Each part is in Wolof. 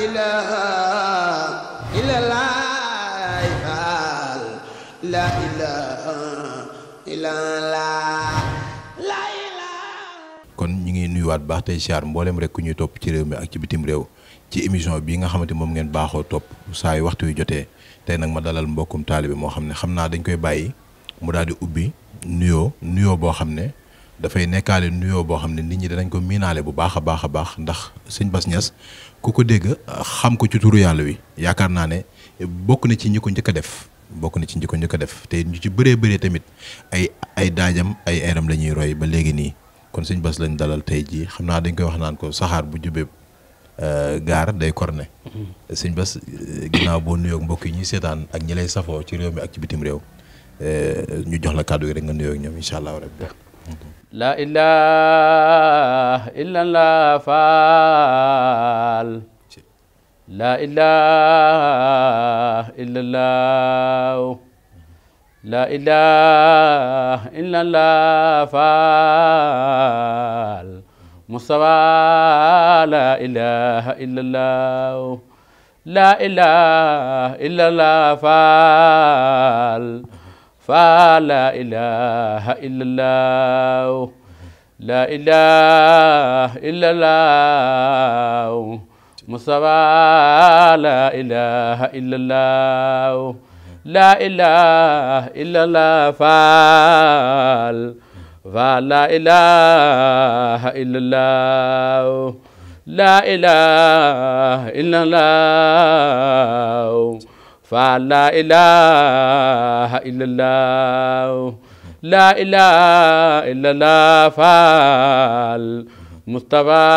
ilaha kon ñu ngi nuyuwaat baax tey siyaar mboolem rek ñuy topp ci réew mi ak ci bitim réew ci émission bii nga xamante moom ngeen baaxoo topp saa yu waxtu yu jotee tey nag ma dalal mbokkum taalibe moo xam ne xam naa dañ koy bàyyi mu daal di ubbi nuyoo nuyoo boo xam ne dafay nekkaale nuyoo boo xam ne nit ñi danañ ko miinaale bu baax a baax a baax ndax sëñ bas Niass ku ko dégg xam ko ci tuuru yàlla wi yaakaar naa ne bokk na ci ñi ko njëkk a def bokk na ci ñi ko njëkk def te ñu ci bëree bëree tamit ay ay daajam ay eram la ñuy roy ba léegi nii kon sëñ Bass lañ dalal tey jii xam naa dañ koy wax naan ko saxaar bu jubee euh, gaar day korne mm-hmm. sëñ Bass ginnaaw boo nuyoog mbokk yi ñuy seetaan ak ñi lay safoo ci réew mi ak ci bitim réew euh, ñu jox la kàddu gi rek nga nuyoog ñoom incha allah rabbi mm-hmm. لا إله إلا الله فعل لا إله إلا الله لا إله إلا الله فعل مصطفى لا إله إلا الله لا إله إلا الله فعل فلا إله إلا الله لا إله إلا الله مصطفى لا إله إلا الله لا إله إلا الله فال فلا إله إلا الله لا إله إلا الله fa la ilaha illallah la ilaha illallah faal Mustafa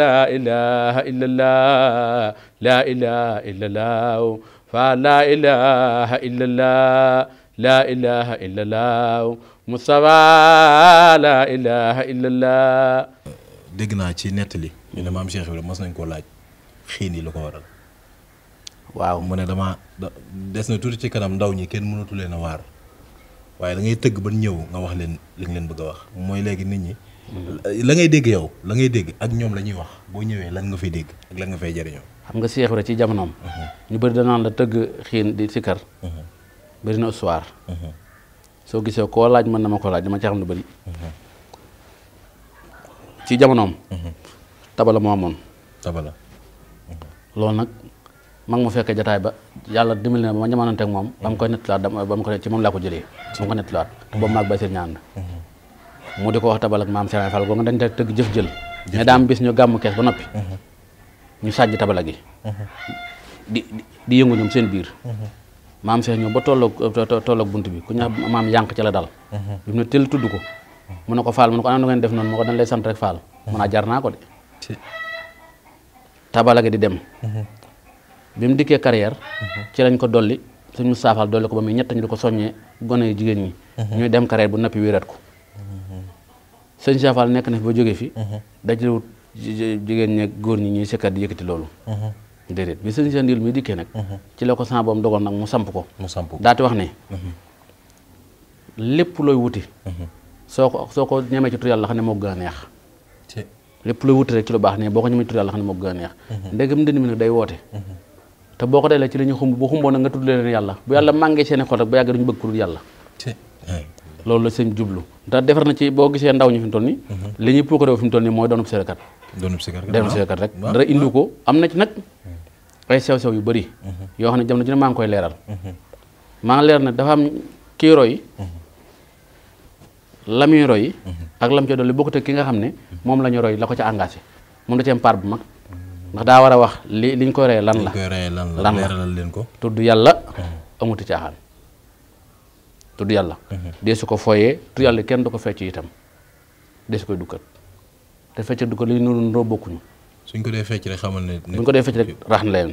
la ilaha illallah la ilaha illallah fa la ilaha illallah la ilaha illallah Mustafa la ilaha illallah dégg naa ci nettali ñu ne maam Cheikh Ibrahima mas nañ koo laaj xiin yi la ko waral waaw mu ne dama des na tuuti ci kanam ndaw ñi kenn mënatu leen a waar waaye da ngay tëgg ba ñëw nga wax leen li nga leen bëgg a wax mooy léegi nit ñi. Mm-hmm. la ngay dégg yow la ngay dégg ak ñoom la ñuy wax boo ñëwee lan nga fay dégg ak lan nga fay jëriñoo. xam nga Cheikh Ibra ci jamonoom. Mm-hmm. ñu bëri danaan la tëgg xiin di sikkar. Mm-hmm. bëri na histoire. soo gisee koo laaj mën na ma ko laaj dama ci xam lu bëri. ci jamonoom. tabala moo amoon. tabala. loolu nag. Mang mo fekke jotaay ba yalla dimbal na ma ñamanante ak mom bam mu koy nettalaat dama ba ko ne ci mom la ko jëlé ba ko netlat bo mag maag bay seen ñaan mu diko wax tabal ak maam Serigne Fall go nga dañ te tëgg jëf jël ne daam bis ñu gam kess ba nopi mhm. ñu sàjj tabala gi mhm. di di yëngu ñum seen biir mhm. maam serigne ñëw ba tolloog tolloog buntu bi ku ñaa maam yank ci la dal bu ñu teel ko mu ne ko fall mu ne ko ana ngeen def non mu dañ lay sant rek fall mu na jarna ko de di dem bi mu dikkee carrière ci lañ ko dolli suñu saafal dolli ko ba muy ñett ñu di ko soññee gone yu jigéen ñi ñuy dem carrière bu nappi wéerat ko sëñ saafal nekk na fi ba jóge fi dajlewut jigéen ñi góor ñi ñuy sikkat di yëkkati loolu déedéet bi sëñ seen diil muy dikkee ci la ko sant boom dogoon nag mu samp ko daati wax ne lépp looy wuti soo ko soo ko ñemee ci tur yàlla xam ne moo gën a neex lépp looy wuti rek ci lu baax ne boo ko ñemee ci tur yàlla xam ne moo gën a neex mhm. ndegam day woote mhm. te boko dalé ci lañu xum bu xumboon na nga tuddu leen yalla bu yàlla màngee seeni xol rek bu yàgg duñu bëgg ku yalla loolu la seen jublu da defar na ci bo gisé ndaw ñu fi mu toll nii mhm. li ñuy moy fi mu toll nii mooy doonub sérékat doonub sérékat rek dara indi ko amna ci nak ay sew-sew yu bari mhm. yo xamna ne jamono ji ne maa ngi koy mhm. ngi lér na dafa am ki roy lamuy roy ak lam ci dolli bokku te ki nga xam mom lañu roy lako ci engagé mom da ci am part bu ndax da wara wax li liñ ko ree lan la lan la leen ko tuddu yalla hmm. amuti caaxaan tuddu yalla hmm. desu ko foyé tudd yalla kenn du ko fecc itam desu koy dukkat te fecc dukkat li ñu bokku ñu suñ ko dé fecc rek xamal ne buñ ko dé fecc rek rax na leen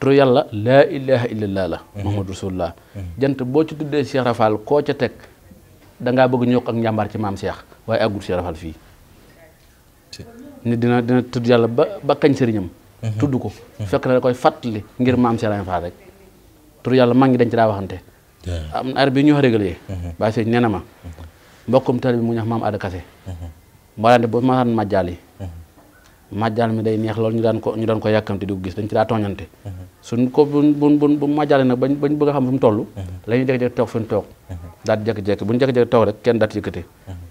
tuddu yalla la ilaha illallah hmm. muhammadur rasulullah jant bo ci tuddé Cheikh Rafal ko ca tek da nga bëgg ñok ak ñambar ci mam Cheikh waaye agul Cheikh Rafal fi ni dina dina tudd yalla ba ba kagn serignam mhm. tudd ko mhm. fekk na koy fatali ngir maam Serigne Fall rek tur yalla ma ngi dañ ci da waxante am ar bi ñu wax réglé mhm. bàyyi sëñ nee ma mbokkum tal bi mu ñax maam Ada Kase mo daan de bo ma majjaal majali majal mi day neex lol ñu daan ko ñu daan ko yakamti du gis dañ ci da toñante sun ko bu bu bu majal nag bañ bañ bëgg xam fu mu toll la jëg jékki-jékki tok fi mu toog daal jëg jëg jékki bu ñu jékki rek kenn daal di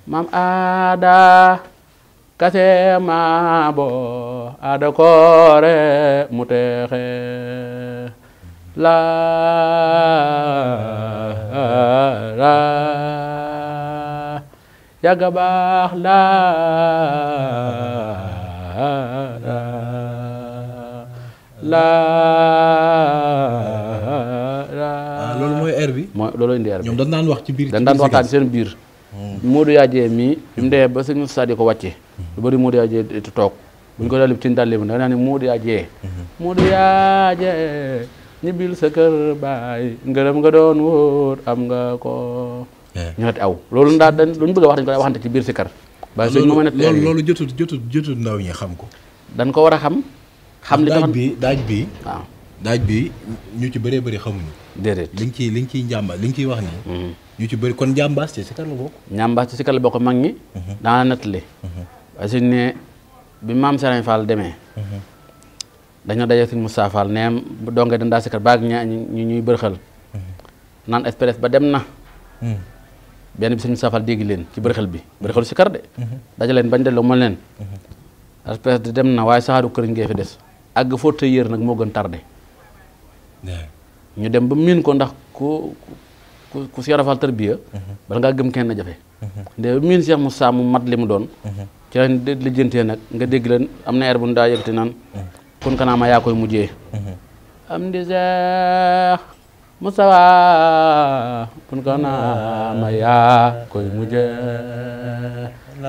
maam Ada kase maabo ada koore mu teexe laa laa yàgga baax laa laa ah, loolu mooy air bi. mooy loolu indi air bi ñoom dañ daan wax ci biir. dañ daan waxtaan seen biir. Modou Yadie mi bi mu dee ba sëñ Moussa di ko wàcce lu bëri Modou Yadie di toog bu ñu ko daal di tin daal di ni da naa ne Modou Yadie Modou Yadie ñibbil sa kër baay ngërëm nga doon wóor am nga ko eh. ñëwati aw loolu nda dañ lu ñu bëgg a wax dañ ko daa waxante ci biir si kar bàyyi lolo mooma net loolu loolu jotut jotut jotut ndaw ñi xam ko dañ ko wara xam xam li bi daaj bi daaj bi ñu ci bëré bëré xamuñu déedéet liñ ci liñ ci njàmba liñ ci wax ni mm-hmm yu ci bëri kon jambas ci si kan la jambas ci si kan la bokk mag ñi. Mhm. daan nattali. Mhm. parce que ne bi mam Serigne Fall demee. Mhm. dañu dajé suñu moussa Fall neem bu dongee dañ daa si kat ñuy bërxal. nan express ba dem na. ben bi serigne Moustapha Fall dégg leen ci bërxal bi bërxalu si kar de. leen bañ delloo mal leen. express de dem na way saaru kër ngey fi dess ag fo tëy nak mo gën tardé. ñu dem ba min ko ndax ku ku ku Cheikh Rafal tarbiya bala ngaa gëm kenn jafe nde miin Cheikh Moussa mu mat li mu doon ci lañ lijjantee nag nga dégg leen am na air bu ñu daa yëkkati naan kon kanaa yaa koy mujjee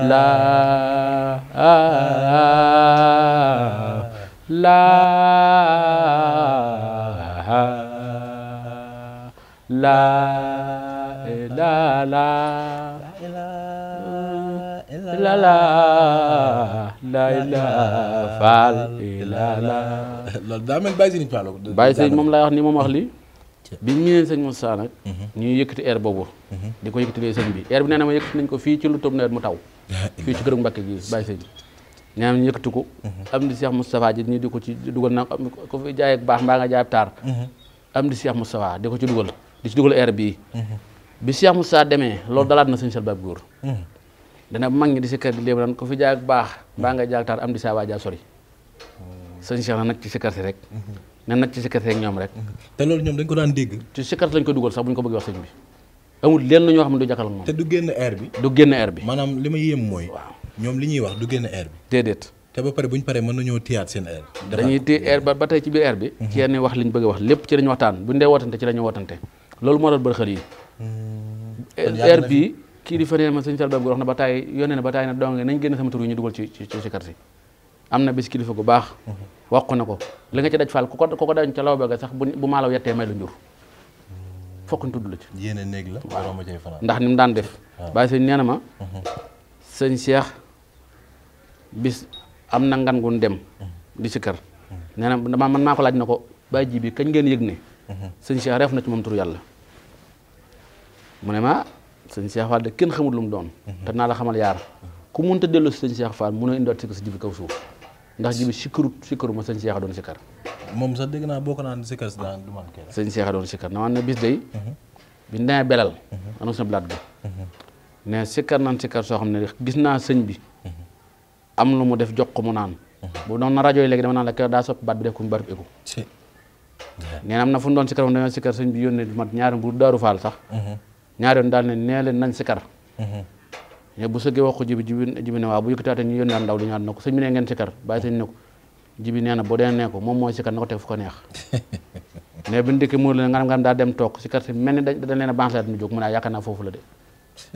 laa laa la ilaha illallah la ilaha faal illallah loolu daa mel Baye Serigne Fallou Baye Serigne moom laay wax ni moom wax li bi ñu ñëwee sëñ Moussa nag mhm. ñuy yëkkati air boobu mhm. di ko yëkkatilee sëñ bi air bi nee na ma yëkkati nañ ko fii ci lu toog nawet mu taw fii ci këru Mbàkke gi Baye Serigne ñaam ñu yëkkati ko mhm. am di Cheikh Moustapha ji ñu di ko ci dugal na ko fi jaay ak baax mbaa nga jaay ab taar am di Cheikh Moustapha di ko ci dugal di ci dugal air bii bi Cheikh Moussa demee lo dalat na seigne Cheikh Baab hmm dana mag ni di ci kër di lebran ko fi jaag bax ba nga jaag tar am di sa waja sori hmm. seigne Cheikh nak nag ci sikkar si rek ne hmm. nak ci sikkar si rek ñoom rek hmm. te loolu ñom dañ ko daan dégg ci sikkar lañ ko duggal sax buñ ko bëgg wax seigne bi amul lenn ñoo xam ne du jàkkaarloo mom te du génn air bi du génn air bi manam lima yëm moy ñom li ñuy wax du génn air bi dédét té ba paré buñ paré mëna ñoo tiyat seen air dañuy té air ba ba ci bi air bi ci yenn wax liñ bëgg wax lepp ci lañ waxtaan buñ dé dee ci lañ wootante loolu mo do bërxër yi heure bii kii di fa ma sëñ Sall na ba taay yónnee na ba na donge nañ génn sama tur yi ñu na bis kilifa gu baax. Mhm. wax na ko li nga ci daj faal ko ku ko ca law bëgg bu maalaw yettee may la njur mm. fokk tudd la ci. néeg la waaw ndax ni mu daan def. waaw nee na ma. Mhm. sëñ Cheikh bis am na ngan gun dem. Mhm. di si kër. nee na man maa ko laaj na ko baa ji bi kañ ngeen yëg ne. sëñ Cheikh reef na ci moom tur yàlla. mu ne ma sëñ Cheikh Fall de kenn xamul lu mu doon. Mhm. te naa la xamal yaar ku mënta delloo si sëñ Cheikh Fall mënoo indiwaat si ko si jibi kaw suuf ndax jibi sikkaru sikkaru ma sëñ Cheikh doon sikkar. moom sax dégg naa boo ko naan sikkar si daan du man kee la. sëñ Cheikh doon sikkar na ma ne bis day. Mhm. bi nee belal. Mhm. annoncé na blaat bi. ne sikkar naan sikkar soo xam ne gis naa sëñ bi. am lu mu def jox ko mu naan. bu doon na rajo yi léegi dama naan la keroog daa soppi baat bi def ko mu baat éku. nee na am na fu mu doon sikkar moom dañoo sikkar sëñ bi yónnee mat ñaari mbuur daaru faal sax ñaari yoon daal ne nee leen nañ sikar ñe mhm. bu sëggee wax ko jibi jibi ne waaw bu yëkkataatee ñu yónnaat ndaw li ñaar na ko sëñ bi ne ngeen sikar bàyyi sëñ ne ko jibi nee boo dee nee ko moom mooy sikar na ko teg fu ko neex mais bi ndikki muur leen ngaram-ngaram daa dem toog sikar si mel ni dañ leen a banseet mu jóg mu ne ah yaakaar naa foofu la de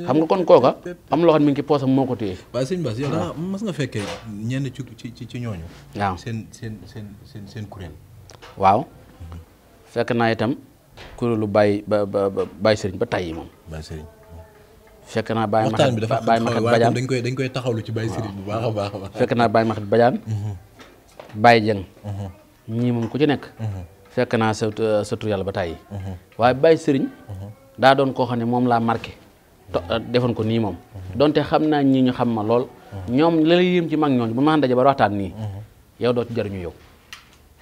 xam nga kon kooka am loo xam mi ngi ci poosam moo ko téye waaye sëñ Bass yow da mas nga fekkee ñenn ci ci ci ñooñu waaw fekk naa itam kuréelu Baye ba ba Baye Serigne ba tey moom. Baye Serigne. fekk naa Baye Maxat Baye Maxat Badiane dañ koy dañ koy taxawlu ci Baye Serigne bu baax a baax a baax. fekk naa Baye Maxat Badiane. Mhm. Baye Dieng. Mhm. ñii moom ku ci nekk. Mhm. fekk naa sa sa tur yàlla ba tàyyi waaye Baye Serigne. daa doon koo xam ne moom laa marqué. to defoon ko nii moom. donte xam naa ñii ñu xam ma lool. ñoom la lay yëm ci mag ñooñu bu ma daje ba waxtaan nii. yow doo ci jariñu yow.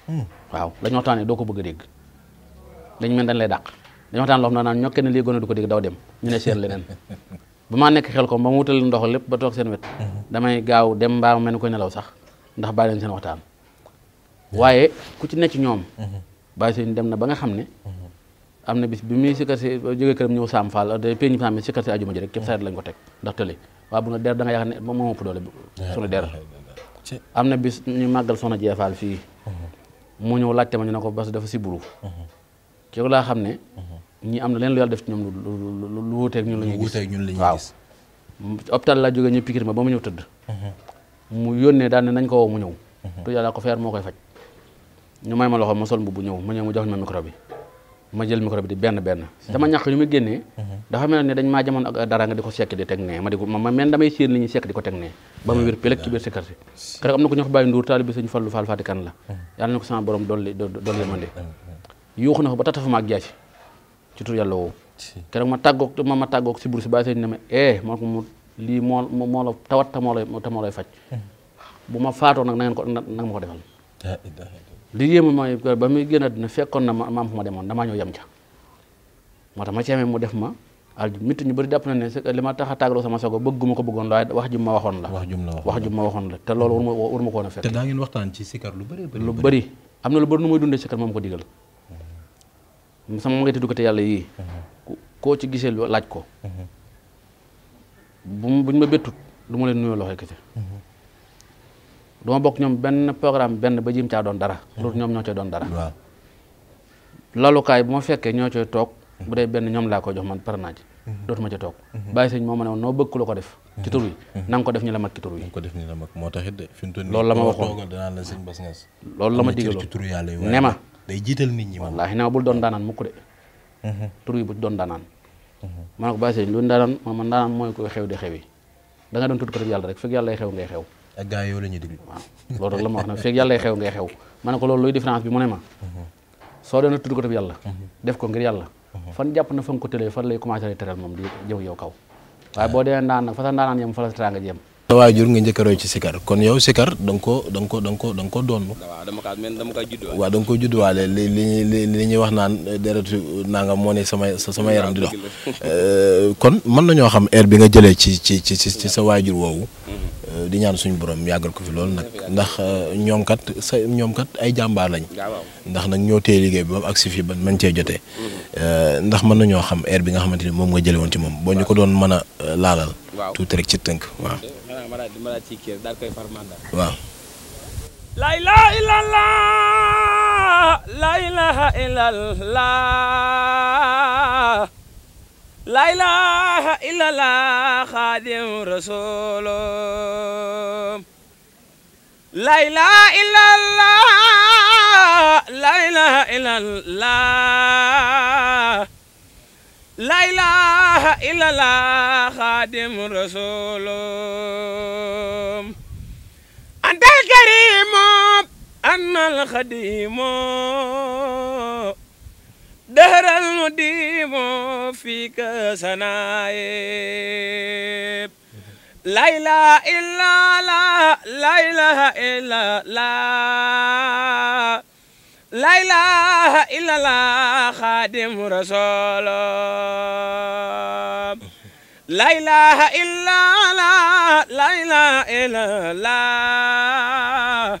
Hmm. waaw la ñu waxtaanee doo ko bëgg a dégg. dañ mel dañ lay dàq dañu waxtaan loo xam ne naan ñokke ne lii gone du ko dégg daw dem ñu ne seet leneen bu maa nekk xel ko ba mu wutal ndox lépp ba toog seen wet damay gaaw dem mbaa mel ni ko nelaw sax ndax bàyyi seen waxtaan waaye ku ci ñoom bàyyi suñu dem na ba nga xam ne am na bis bi muy si jógee këram ñëw saam fall péñi saam bi sikkar si ajuma ji rek képp saret ko teg ndax tëli der da nga yaakaar ne moom moo am na bis ñu màggal soxna Jeefaal fii mu ñëw laajte ma ñu ne ko bas dafa si buru yow la xam ne. ñi am na leen lu yàlla def ci ñoom lu lu lu wuuteeg ñun la ñuy gis wuuteeg ñun la ñuy gis hôpital laa jógee ñu pikir ma ba mu ñëw tëdd. mu yónnee daal ne nañ ko woo mu ñëw. Mhm. te yàlla ko fer mo koy faj. ñu may ma loxo ma sol mbubu ñëw ma ñëw mu jox ma micro bi ma jël micro bi di benn benn. sama mhm. ñàkk yu muy génnee. Mhm. dafa mel ne dañ ma jamono ak dara nga di ko sekk di teg nee ma di ko ma man damay séen li ñuy sekk di ko teg nee. ba ma wér pelek ci biir sikkar si. keroog am na ko ñoo fa bàyyi nduur taalibi sëñ Fallu Fall Fatikan la. yàlla na ko sama borom dolli dolli yërmande yuuxu na ba tax ma ak jaaji ci tur yalla wo kërëm ma tàggoog ma ma tàggoog si buru si bàyyi ne ma eh ma ko li mo mo la tawat ta mo lay ta mo lay fajj hmm. bu ma faatoo nag na ngeen ko nak nga ma ko defal. li yema mooy ba mi gëna dina fekkon na ma am fu ma demoon damaa ñëw yem ca moo tax ma ceemee mu def ma al mitu ñu bari dapp na ne li ma tax a sama sogo bëgguma ko bëggon waaye wax ju ma la wax ju ma waxon la te loolu war ma ko na fekk te da ngeen waxtaan ci sikar lu bari lu bari amna lu bari nu moy dundé sikar mom ko digal sama magati duggate yàlla yii koo ci gisee laaj ko mhm. bu buñ ma bettut du ma leen nuyoo loxo kese mhm. du ma bokk ñoom benn programme benn ba jim caa doon dara mhm. loolu ñoom ñoo cay doon dara lalukaay bu ma fekkee ñoo cay toog bu dee benn ñoom laa ko jox man pare naa ci ca toog bàyyi sëñ moo ma ne woon noo bëgg ku la ko def ci tur yi na nga ko def ñu la mag ci tur yi ko def ñu la mag moo taxit de fi mu toll la ma waxoon loolu la ma digaloon ne day jiital nit ñi. wallaahi naa bul doon daanaan mukk de. Mhm. tur yi bu doon daanaan. Mhm. ma ne ko bàyyi lu daanaan ma man daanaan mooy koy xew di xew yi da nga doon tudd ko rek yàlla rek fekk yàlla lay xew ngay xew. ak gars yow la ñuy déglu. waaw loolu rek la ma xew ngay ma ne ko loolu luy différence bi mu ne ma. Mhm. soo doon tudd ko rek yàlla. def ko ngir yàlla. fan jàpp na fa nga ko tëlee fan lay commencé lay teral moom di jëm yow kaw ah. waaye boo dee daan nag fa sa daanaan yem fa la teraanga jëm sa waajur nga njëkk ci sikar kon yow sikar da nga ko da nga ko da nga ah, dama kaa mel dama kaa juddoo. judduwaale li li li ñuy wax naan eh, deretu nangam moo ne sama sama yaram di dox. Eh, kon mën nañoo xam air bi nga jëlee ci ci ci ci sa waajur woowu. Mm-hmm. Eh, di ñaan suñu borom yàggal ko fi loolu nag ndax ñoom kat sa ñoom kat ay jàmbaar lañ. ndax nag ñoo téye liggéey bi ba ak si fii ba mën cee jotee. Mm-hmm. ndax mën na ñoo xam air bi nga xamante ni moom nga jëlee woon ci moom boo ñu ko doon mën a laalal. tuuti rek ci tënk waaw. dama daal la ilaha illallah la ilaha illallah la ilaha illallah xaadim لا إله إلا الله خادم رسول أنت الكريم أنا الخديم دهر المديم فيك سنايب لا إله إلا الله لا إله إلا الله la ilaha illallah xaadimu rasul la ilaha illallah la ilaha illallah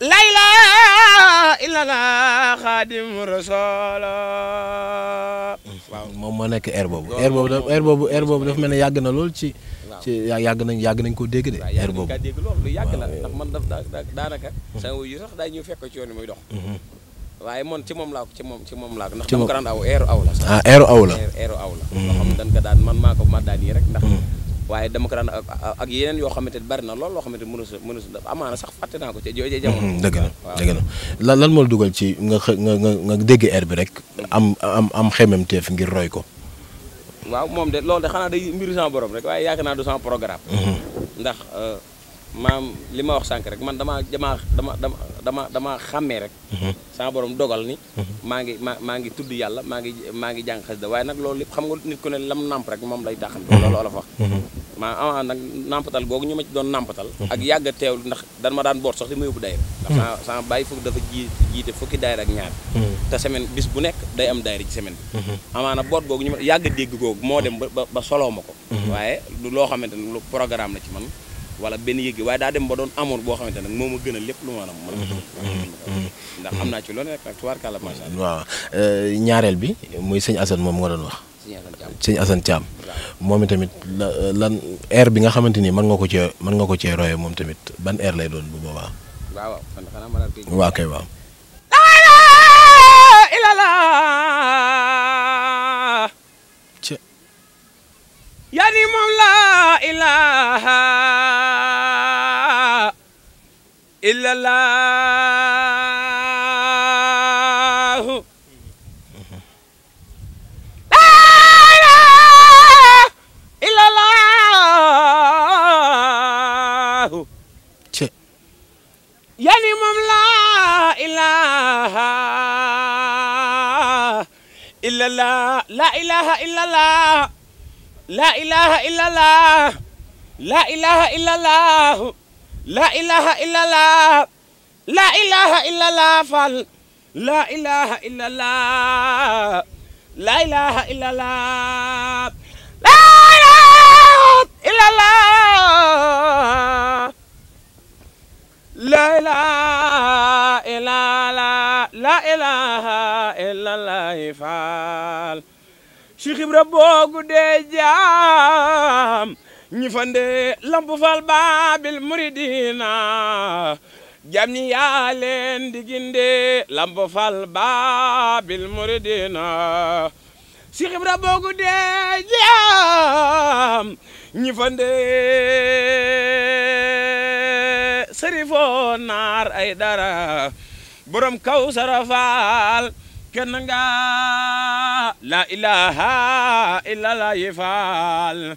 la ilaha illallah xaadimu rasul moom moo nekk air boobu air boobu air boobu air boobu dafa mel ne yàgg na lool ci ci yàgg nañ yàgg nañ koo dégg de. air boobu waaw lu yàgg la ndax man daf daanaka. Hmm. sama wuyu yu sax daay ñu fekk ci yoon yi muy dox. Hmm. waaye man ci moom laa ko ci moom ci moom laa ko ndax dama ko daan aw eeru aw la. Ah, hmm. ko daan man maa ko ma daan yi rek ndax. waaye dama ko daan ak yeneen yoo xamante bari na lool loo xamante mënu su mënu su amaana sax fàtte naa ko ca jooju jamono. dëgg na na lan lan moo la dugal ci nga nga nga dégg air bi rek. am am am xemmeemteef ngir roy ko. waaw moom de loolu de xanaa day mbiru sama borom rek waaye yaakaar naa du mhm. ndax. Euh, maam li ma wax sànq rek man damaa damaa dama dama dama damaa xàmmee rek. Mhm. sama borom dogal ni. Mhm. maa ngi maa maa ngi tudd yàlla maa ngi maa ngi jàng xasida waaye nag loolu lépp xam nga nit ku ne lam namp rek moom lay taxam. Mhm. loolu olof wax. maa avant nag nàmpatal googu ñu ma doon nàmpatal. ak yàgg a ndax dan ma daan boot sax di ma yóbbu daayira. ndax sama sama bàyyi fukk dafa ji jiite fukki daayira ak ñaar. semaine bis bu nekk day am daayira ci semaine bi. amaana boot googu ñu ma yàgg dégg googu moo dem ba ba soloo ma ko. waaye loo xamante ne lu programme la ci man wala benn yëg waaye daa dem ba doon amoon boo xamante nag moo ma gënal lépp lu ma ram ma ndax am naa ci loolu rek nag tubaarkàlla macha allah waaw euh, ñaareel bi muy sëñ Assane moom nga doon wax sëñ Assane Thiam moom tamit euh, lan air bi nga xamante ni mën nga ko cee mën nga ko cee roye moom tamit ban air lay doon bu boobaa waaw waaw kay waaw yani moom la ilaha illallahu la ilaha illallahu ci yani moom la ilaha illallah la ilaha illallah la ilaha illallah la ilaha illallah laa ilaha illallah laa ilaha illallah fal laa ilaha illallah laa ilaha illallah laa ilaha laa ilaha laa ilaha illallah fal Cheikh Ibra boo jaam ñi fande lamp fal baabil muridina jam ñi yaa leen di ginde baabil muridina si xibra boogu dee jaam ñi fande ay dara borom kaw sarafal kenn nga la ilaha illa faal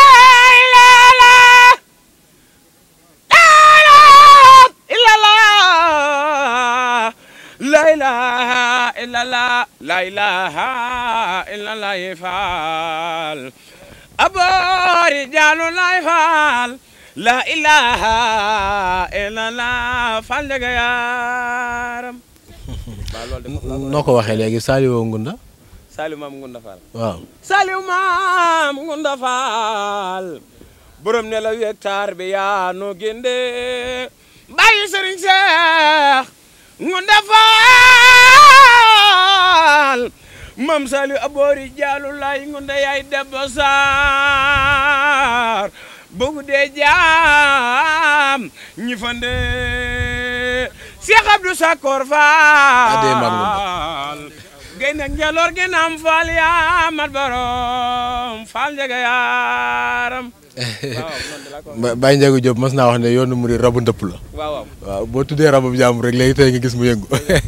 illallah la ilaha illallah faal aboori jaalu lay yaaram. noo ko waxee léegi Ngunda. Saliou maam Ngunda Fall. waaw Saliou maam Ngunda Fall. borom ne la wektaar bi yaa noo génde bàyyi Seex Ngunda Fall. faal mam sali aboori jaalu lay ngunde yaay debbo saar bugu dee jaam ñi fande Cheikh Abdou Sakor Fall gay na ngeloor gi naam faal yaa mat borom faal njega waaw Baye Ndiago Diop mas naa wax ne yoonu mu rabu ndëpp la. waaw boo tuddee rabu jàmm rek léegi tey nga gis mu yëngu.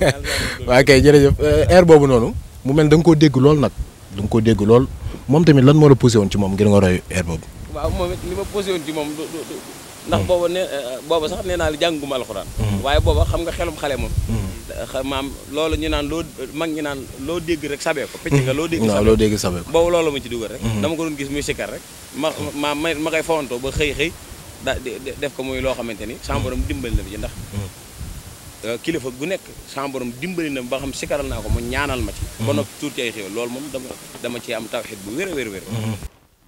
waa kay jërëjëf eh, air boobu noonu. mu mel da nga koo dégg lool nag da nga koo dégg lool moom tamit lan moo la posé woon ci moom ngir nga roy air boobu. waaw moom it li ma posé woon ci moom du du ndax nee hmm. booba eh, eh, sax nee naa la jànguma alxuraan. Hmm. waaye booba xam nga xelum xale moom. Hmm. maam loolu ñu naan loo mag ñi naan loo dégg rek sabee ko picc nga mm-hmm. loo dégg sabee ko boobu loolu ma ci dugal rek mm-hmm. dama ko doon gis muy sikkar rek ma ma ma fawantoo ba xëy xëy da def ko muy loo xamante ni sama dimbali na bi ndax mm-hmm. euh, kilifa gu nekk sama borom dimbali na ba xam sikkaral naa ko mu ñaanal ma ci ba noppi tuur ci ay xéwal loolu moom dama dama ci am tawxid bu wér a wér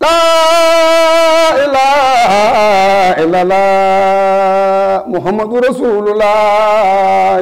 laa ilaaha illallah muhammadu rasulullah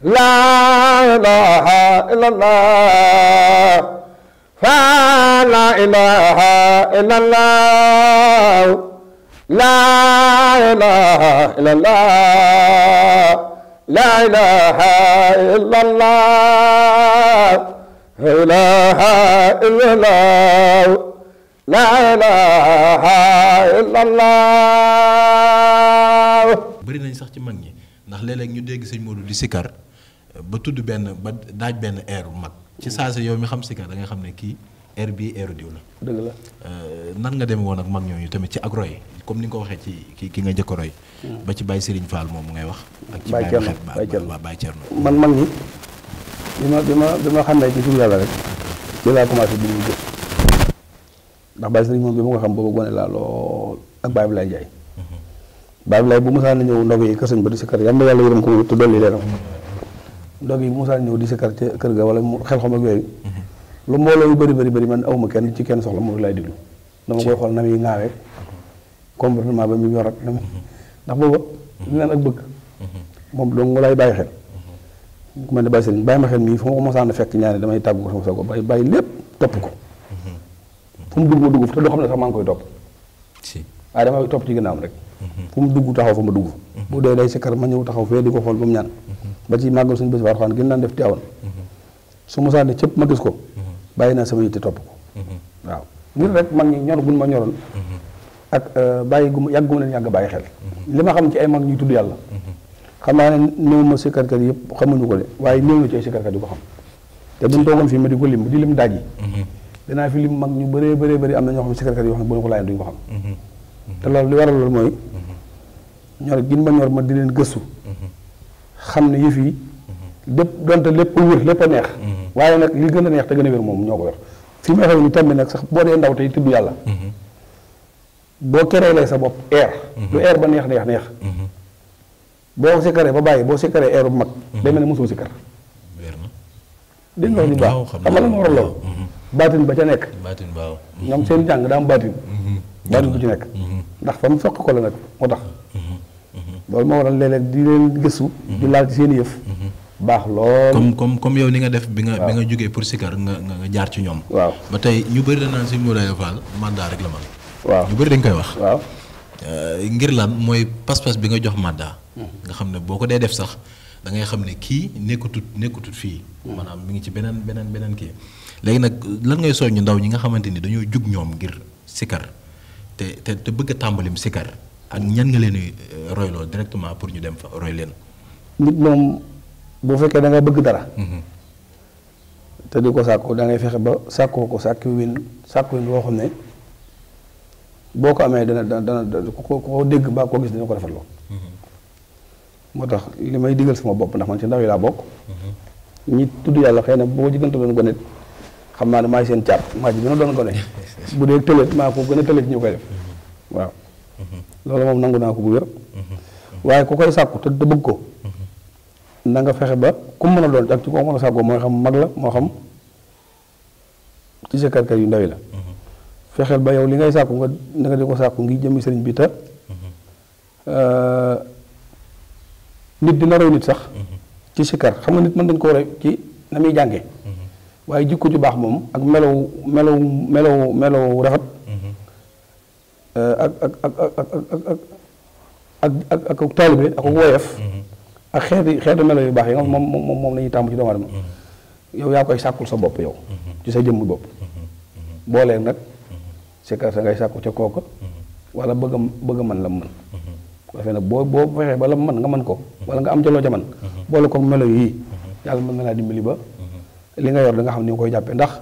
La ilaha illallah Fa la ilaha illallah La ilaha illallah La ilaha illallah La ilaha illallah La ilaha illallah Beri nanti sah cuman Nah lelek nyudek sih mau di sekar ba tudd benn ba daaj benn air bu mag ci mm. saa si yow mi xam sikar da nga xam ne kii air bi airu diw la. dëgg la euh, nan nga dem woon ak mag ñooñu tamit ci ak roy comme ni nga ko waxee ci ki ki nga njëkk a roy mm. ba ci Baye Serigne Fall moom ngay wax. ak ci Baye Thierno Baye Thierno Baye Thierno man mag ñi bi ma bi ma bi xam ne ci suñu yàlla rek ci laa commencé ndax Baye Serigne moom bi ma ko xam boobu gone laa lool ak Baye Ablaye Ndiaye. jaay mm-hmm. Ablaye bu mosaan na ñëw ndogu yi kër ba di si kër yàlla yàlla yërëm ko te dog yi Moussa ñëw di si kar kër ga wala xel xom ak yooyu lu mbooloo yu bari bari bari man awma kenn ci kenn soxla moom laay déglu dama koy xool na muy ŋaawee comportement ba muy yor ak na ndax booba li ak bëgg moom donc mu laay bàyyi xel ku ma ne bàyyi sëriñ bàyyi ma xel mii fu ma ko mosaan a fekk ñaari damay tàggu ko sama sogo bàyyi bàyyi lépp topp ko fu mu dugg ma dugg fa te loo xam ne sax maa ngi koy topp waaye damay topp ci gën a am rek fu mu dugg taxaw fa ma dugg bu dee day si ma ñëw taxaw fee xool ba mu ñaan ba ci màggal suñu bés bu gën gi def teewoon su ma saa ne cëpp ma gis ko bàyyi naa sama yitte topp ko waaw ngir rek mag ñi ñor gun ma ñoroon ak bàyyi gu ma yàgg gu ma leen yàgg bàyyi xel li ma xam ci ay mag ñuy tudd yàlla xam naa ne néew ma sikkarkat yëpp xamuñu ko de waaye néew na ci ay sikkarkat yu ko xam te buñ toogoon fii ma di ko lim di lim daaj yi danaa fi lim mag ñu bëree bëree bëri am na ñoo xam ne sikkarkat yoo xam ne bu ko laajee duñ ko xam te loolu li waral loolu mooy ñor giñ ma ñor ma di leen gëstu xam ne yëf fi lépp donte lépp wér lépp a neex mm-hmm. waaye nag li gën a neex te gën a wér moom ñoo ko yor fi may xew ni tambi nag sax boo dee ndaw tey tibb yàlla mm-hmm. boo keree lay sa bopp air lu mm-hmm. air ba neex neex neex boo sikkaree ba bàyyi boo sikkaree air bu mag day mel ne mosoo sikkar dégg nga wax ju baax xam la ma war loolu baatin ba ca nekk ñoom seen jàng daa am baatin baatin bu ci nekk ndax fa mu soq ko la nag moo tax lol mo waral léeg di leen gessu di laal ci seen yef mhm. bax lol comme comme comme yow ni nga def bi nga bi nga jógee pour Sikar nga nga jaar ci ñom waaw ba tay ñu bari dana ci si Moulaye Fall mandat rek la man. waaw ñu bari dañ koy wax. waaw euh, ngir lan moy pas-pas bi nga jox mandat. nga xamne boko def sax da ngay xamne nekutut nekutut nekutut fi mm. manam mi ngi ci benen benen benen ki legi nak lan ngay soñu ndaw ñi nga xamanteni dañu jug ñom ngir Sikar te te bëgg tambalim Sikar ak ñan nga leen eh, roy lo directement pour ñu dem fa roy leen. nit mom bu fekke da nga bëgg dara. Mhm. te di ko sàkku da ngay fexé ba sakku ko sakku win sakku win lo xam ne boo ko dana dana dana ko dégg ba ko gis dina ko rafetloo. Mhm. moo tax li may digal sama bop ndax man ci ndaw yi la bok mhm. ñi tudd yàlla xëy na bo ci gën a doon gone xam naa ne maa seen ma maa ci gën doon gonet bu dé telet ma ko gëna telet ñu koy def waaw. loolu moom nangu naa ko bu wér mhm. waaye ku koy sàkku te te ko mhm. na fexe ba ku mën a doon ak ci koo mën a sàkkoo mooy xam mag la moo xam ci sa kàrkar yu ndaw la mhm. fexeel ba yow li ngay sàkku nga na di ko sàkku ngi jëmi sëriñ bi euh, nit dina roy nit sax ci sikkar xam nga nit mën dañ ko roy ci na muy jànge waaye jikko ju baax moom ak melow melow melow melow rafet ak ak ak ak ak ak ak ak taalibe ak woyof ak xeeti xeetu melo yu baax yi nga moom moom moom la ñuy tàmm ci doomu aadama yow yaa koy sàkkul sa bopp yow ci sa jëmm bopp boolee nag sikkar sa ngay sàkku ca kooka wala bëgg a bëgg a mën la mu mën bu defee nag boo boo fexee ba la mën nga mën ko wala nga am ca loo ca mën boole ko melo yii yàlla mën na laa dimbali ba li nga yor da nga xam ni nga koy jàppee ndax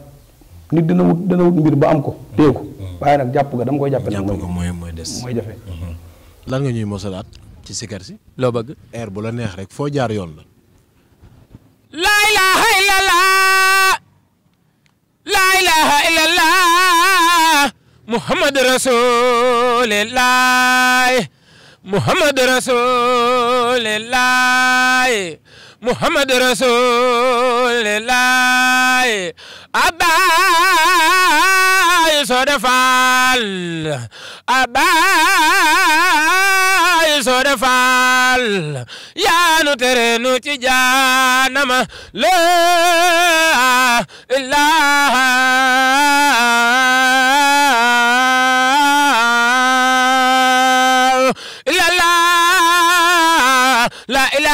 nit dana wut dana wut mbir ba am ko téye ko waaye nag jàpp ga dama koy jàppe nag mooy mooy des mooy jafe mhm. lan nga ñuy mosalaat ci sikar si loo bëgg air bu la neex rek foo jaar yoon la laa ilaha illallah laa ilaha illallah muhammad rasulillah muhammad rasulillah muhammad rasulillah Abbaay Soode Faal Abbaay Soode Faal yaa nu tere nu ci jaanama laa ilaaha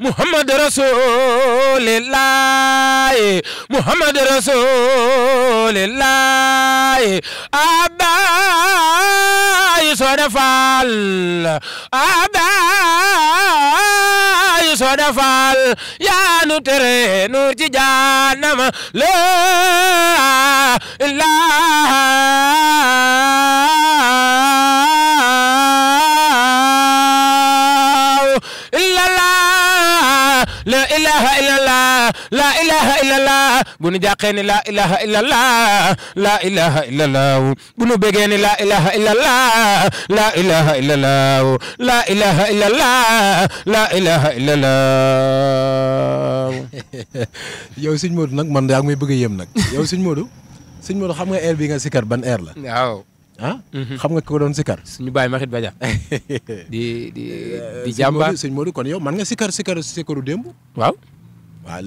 محمد رسول الله محمد رسول الله أبا يسود فال أبا يسود فال يا نتري نوتي جانم لا إله ilaha illallah la ilaha illallah bu nu jàqee ni la ilaha illallah la ilaha illallah bu nu bëggee la ilaha illallah la ilaha illallah la ilaha illallah la ilaha illallah yow nag man yaa ngi may bëgg a yem nag yow sëñ Modou sëñ Modou xam nga air bi nga sikar ban air la ah. Mhm. xam nga ko doon sikar. suñu baay Maxit baja dijamba di di eh, sëñ Modou kon yow man nga sikar sikar sikaru démb. waaw. waaw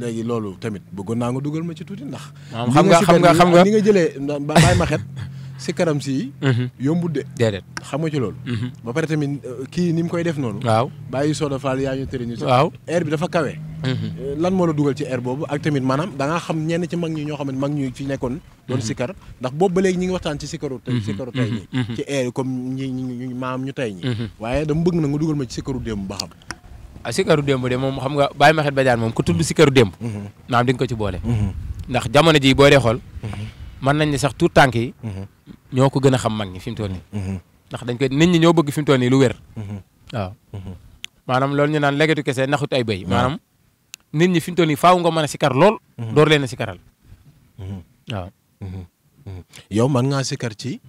léegi loolu tamit bëggoon naa nga dugal ma ci tuuti ndax. xam nga xam nga xam nga li nga jëlee bàyyi Maxit. si karam si. Mhm. yombut de. déedéet xam nga ci loolu. Mhm. ba pare tamit euh, kii ni mu koy def noonu. waaw bàyyi Soda Fall yaa ñu tëri ñu. waaw air bi dafa kawe. Mhm. Euh, lan moo la dugal ci air boobu ak tamit maanaam da xam ñenn ci mag ñi ñoo xam ne mag ñu fi nekkoon. doon sikar ndax boobu ba léegi ñi ngi waxtaan ci sikaru tey sikaru tey ñi ñu maam waaye dama bëgg na nga dugal ma ci sikaru démb ba xam ah sikaru démb de moom xam nga bàyyi ma xel ba jaan moom ku tudd sikaru démb naam di nga ko ci boole ndax jamono ji boo dee xool mën nañ ne sax tu tànk yi ñoo ko gën a xam mag ñi fi mu toll nii. Mhm. ndax dañ koy nit ñi ñoo bëgg fi mu toll nii lu wér. Mhm. waaw mhm. maanaam loolu ñu naan legetu kese naxut ay béy. maanaam nit ñi fi mu toll nii faaw nga mën a sikar lool. door leen a sikaral. waaw. yow mën ngaa sikar ci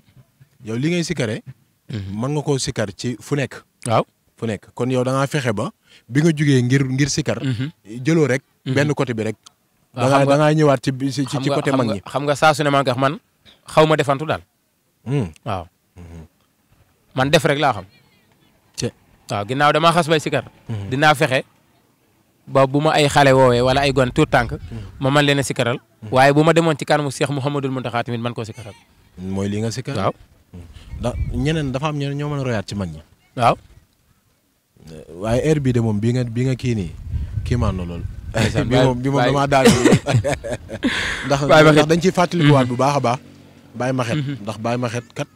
yow li ngay sikaree. mën nga koo sikar ci fu nekk. waaw fu nekk kon yow da ngaa fexe ba bi nga jugee ngir ngir sikar. jëloo rek. benn côté bi rek. da ngaa da ngaa ñëwaat ci ci côté mag ñi. xam nga xam su ne man defantu Hmm. waaw hmm. man def rek laa xam. waaw ginnaaw dama xas bay sikar hmm. dinaa fexe ba bu ma ay xale woowee wala ay gon tuut tànk ma man leen a sikaral waaye bu ma demoon ci kanamu Cheikh Mouhamadul Mountakha tamit man koo sikaral mooy lii nga sikar waaw da ñeneen dafa am ñeneen ñoo mën a royaat ci mag ñi waaw waaye heure bii de moom bii nga bi nga kii nii kii maan na loolu bi moom bi daal ndax dañ ciy waat bu baax a baax bàyyi ma xet mhm. ndax bàyyi ma xet kat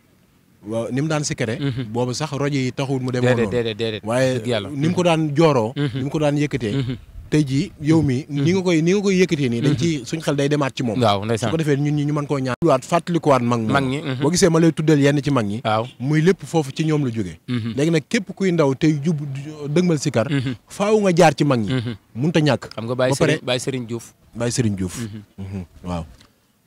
waaw ni mu daan sikkare mhm. boobu sax rojo yi taxul mu demoon noonu waaye ni mu ko daan jooroo mhm. ni mu ko daan yëkkatee tey jii yow mi ni nga koy ni nga koy yëkkatee nii dañ ci suñ xel day demaat ci moom su ko defee ñun ñi ñu man koo ñaan waat fàttalikuwaat mag mag ñi boo gisee ma lay tuddal yenn ci mag ñi waaw muy lépp foofu ci ñoom la jógee léegi nag képp kuy ndaw tey jub dëgmal sikkar faaw nga jaar ci mag ñi mënut a ñàkk xam nga Baye Serigne Diouf Baye Serigne Diouf waaw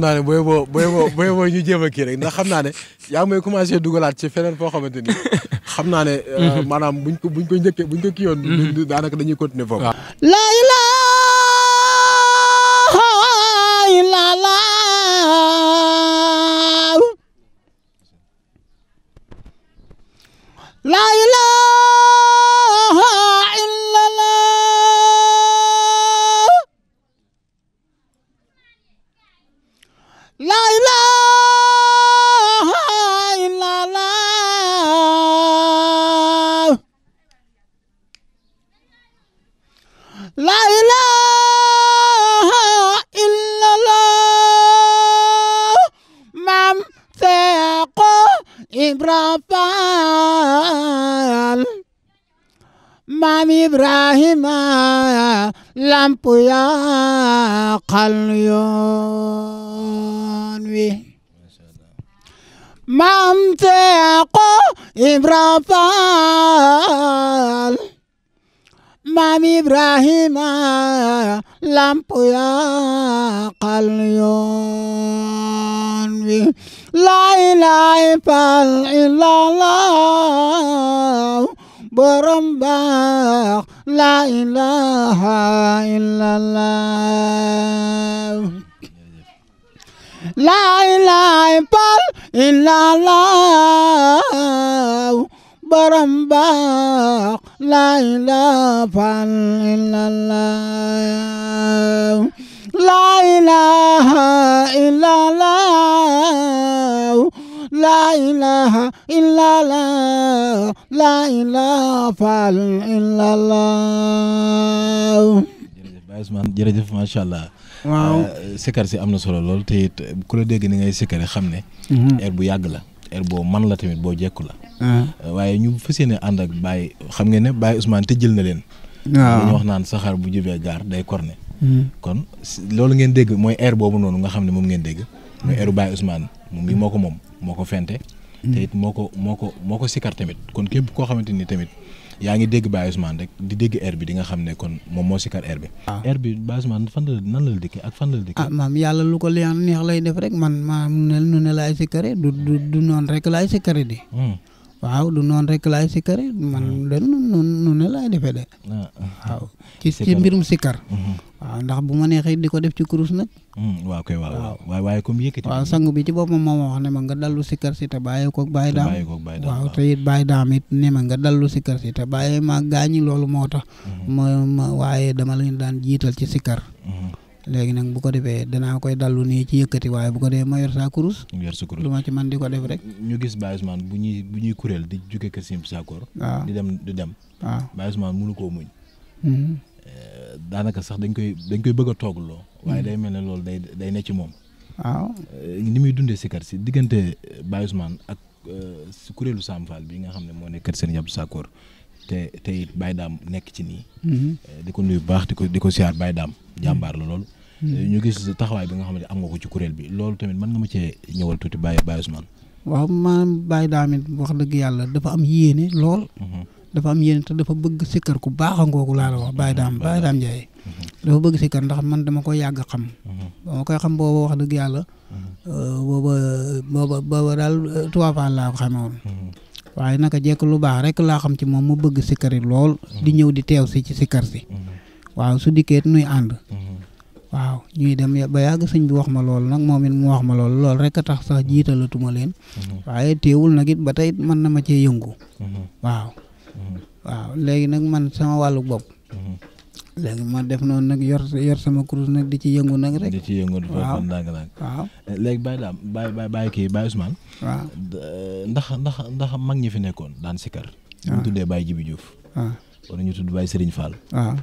xam ne booy boo booy boo booy boo ñu jéem a kii rek ndax xam naa ne yaa ngi may commencé dugalaat ci feneen foo xamante ni xam naa ne. maanaam buñ ko buñ ko njëkkee buñ ko kii daanaka dañuy continuer foofu. laa ilaaha illallaah laa ilaaha illallaah maam Seexu Ibra Faal wi maam Ceexu Ibra maam Ibrahima lamp yaqal laa ilaaha illallaah borom ilaaha illallaah la ilaaha illallaah borom baax laa ilaaha illallaah laa ilaaha illallaah laa ilaaha illallaah laa ilaaha illallaah jërëjëf macha allah waaw euh, sikar si am na solo lool te it euh, ku la dégg ni ngay sikare xam ne. Mhm. air bu yàgg la air boo man la tamit boo jekku la. Ah. Euh, waaye ñu fas yéene ànd ak bàyyi xam ngeen ne Baye Ousmane te jël na leen. waaw dañu wax naan saxaar bu jubee gaar day corne. Mhm. kon loolu ngeen dégg mooy air boobu noonu nga xam ne moom ngeen dégg. mooy mhm. airu Baye Ousmane moom mii moo ko moom moo ko fente. te it moo ko moo ko moo ko sikar tamit kon képp koo xamante ni tamit. yaa ngi dégg Baye Ousmane rek di dégg air bi di nga xam ne kon moom moo sikar air bi. waaw ah. air bi Baye Ousmane fan la nan la dëkkee ak fan la dëkkee. ah maam yàlla lu ko leen neex lay def rek man maam nu ne nu ne laay sikare du du du rek laay sikare di. Hmm. waaw du noonu rek laay sikare man hmm. de nu nu ne laay defee de. Ah. waaw ci ci mbirum sikar. Hmm. waaw ndax bu ma neex neexee di ko def ci kurus nag. Hmm, waaw kay waaye comme yëkkati. waaw sang bi ci boppam moo ma ne ma nga dallu sikkar si te bàyyi koog bàyyi daam waaw te it bàyyi daam it ne ma nga dallu sikkar si te bàyyi ma gaañi loolu moo tax. Hmm. ma ma waaye dama leen daan jiital ci sikkar. Hmm. léegi nag bu ko defee danaa koy dallu nii ci yëkkati waaye bu ko defee ma yor saa kurus. yor sa kurus lu ma ci man di ko def rek. ñu gis Baye Ousmane bu ñuy bu ñuy kuréel di jóge kër Sim Sakor. di dem di dem. waaw Baye Ousmane koo muñ. daanaka sax dañ koy dañ koy bëgg a toogloo. waaye hmm. day mel ne loolu day day ne ci moom. waaw eh, ni muy dundee si kër si diggante eh, Baye Ousmane ak eh, si kuréelu Sam Fall bi nga xam ne moo ne kër sëñ Abdou Sakor te te it Baye Dame nekk ci nii. Hmm. di ko nuyu baax di ko di ko siyaar Baye Dame hmm. jàmbaar la lool ñu gis taxawaay bi nga xam ne am nga ko ci kuréel bi loolu tamit mën nga ma cee ñëwal tuuti baay Baye Ousmane. waaw man Baye Dame wax dëgg yàlla dafa am yéene lool. dafa am yéen te dafa bëgg sikkar ku baax a ngoogu laa la wax Baye Dame Baye Dame Ndiaye mm-hmm. dafa bëgg sikkar ndax man dama ko yàgg xam ba mm-hmm. koy xam booba wax dëgg yàlla mm-hmm. euh, booba booba booba daal euh, tubaab laa ko xamee woon waaye naka jekk lu baax rek laa xam ci moom mu bëgg sikkari lool di ñëw di teew si ci sikkar si waaw su dikkee nuy ànd ñuy dem ba yàgg sëñ bi wax ma loolu nag moom it mu wax ma loolu lool rek a tax sax jiitalatuma leen waaye teewul nag it ba tey mën na ma cee yëngu waaw waaw léegi nag man sama wàllu bopp. Mm-hmm. léegi ma def noonu nag yor yor sama kurus nag di ci yëngu nag rek. di ci yëngu di foofu nag nag. waaw eh, léegi Baye Dame Baye Baye kii Baye Ousmane. waaw eh, ndax ndax ndax mag ñi fi nekkoon daan sikar. waaw ñu tuddee Baye Jibi Diouf. waaw wala ñu tudd Baye Serigne Fall. waaw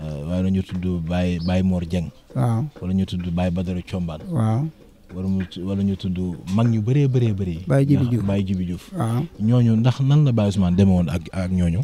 eh, waaye la ñu tudd Baye Baye Mor Dieng. waaw wala ñu tudd Baye Badara Thiombane. waaw wala mu wala ñu tudd mag ñu bëree bëree bëri. Baye Jibi Diouf Baye Jibi Diouf. waaw ñooñu ndax nan la Baye Ousmane demee woon ak ak ñooñu.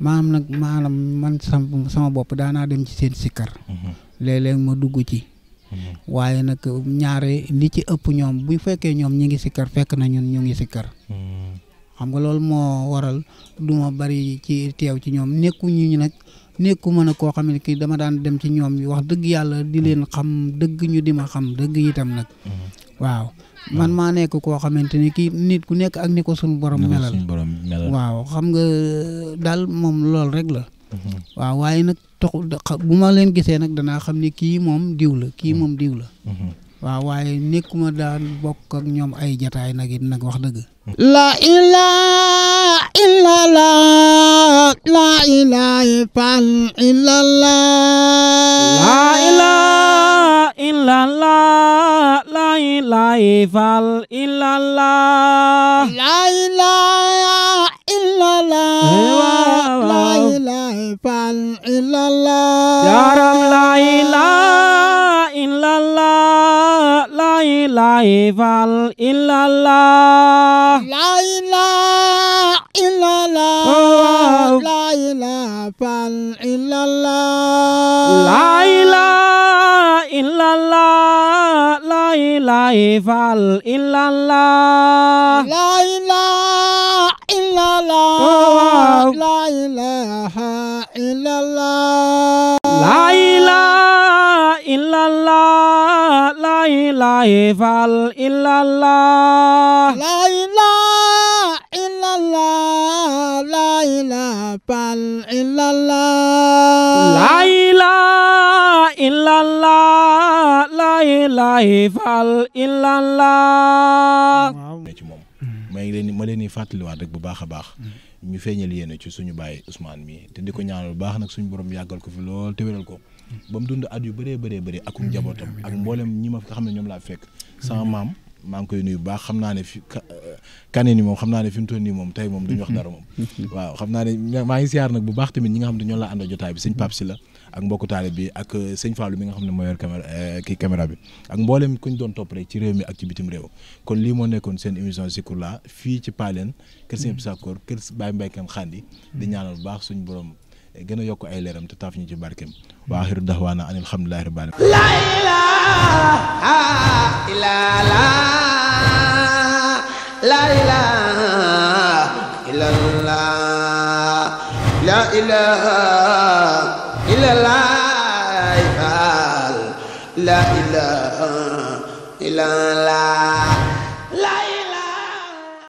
maam nag maanaam man sama sama bopp daanaa dem ci seen sikkar. Mhm. léeg-léeg ma dugg ci. Mhm. waaye nag ñaare ni ci ëpp ñoom bu fekkee ñoom ñu ngi sikkar fekk na ñun ñu ngi sikkar. Mhm. xam nga loolu moo waral du ma bari ci teew ci ñoom nekkuñu ñu nag. nekkuma nag koo xam ne dama daan dem ci ñoom wax dëgg yàlla di leen xam dëgg ñu di ma xam dëgg itam nag. Mm-hmm. waaw man maa nekk koo xamante ni kii nit ku nekk ak ni ko suñu borom melal. waaw xam nga daal moom lool rek la. Mm-hmm. waaw waaye nag tox bu ma leen gisee nag danaa xam ni kii moom diw la kii mm-hmm. moom diw la. waaw waaye nekkuma daal bokk ak ñoom ay jataay nag it nag wax dëgg la ilaha illallah la ilaha illallah la فعل إلا الله يا رب لا إله إلا الله لا إله فعل إلا الله لا إله إلا الله لا إله فعل إلا الله لا إله إلا الله لا إله فعل إلا الله لا إله إلا الله لا إله illallah la ilaha illallah la ilaha illallah la bu baax a baax ñu feeñal yéene ci suñu bàyyi Ousmane mii te di ko ñaanal bu baax nag suñu borom yàggal ko fi lool te wéral ko ba mu dund at yu bëree bëree bëri akum njabootam ak mboolem ñi ma xam ne ñoom laa fekk sama maam maa ngi koy nuyu baax xam naa ne fi euh, kane ni moom xam naa ne fi mu toll nii moom tey moom duñu wax dara moom waaw xam naa ne maa ngi siyaar nag bu baax tamit ñi nga xam ne ñoo la ànd jotaay bi sëñ Pape si la ak mbokku taale bi ak euh, sëñ Fallou mi nga xam ne moo yor caméra euh, kii caméra bi ak mboolem ku ñu doon topp rek ci réew mi ak ci bitim réew kon lii moo nekkoon seen si émission Zikroullah fii ci Palen kër sëñ Sakor kër Baye Mbaye Kane Khandi di ñaanal bu baax suñu borom eh, gën a yokk ay leeram te taaf ñu ci barkeem wa axiru dahwaana an alhamdulillahi rabbil illallah la ilaha illallah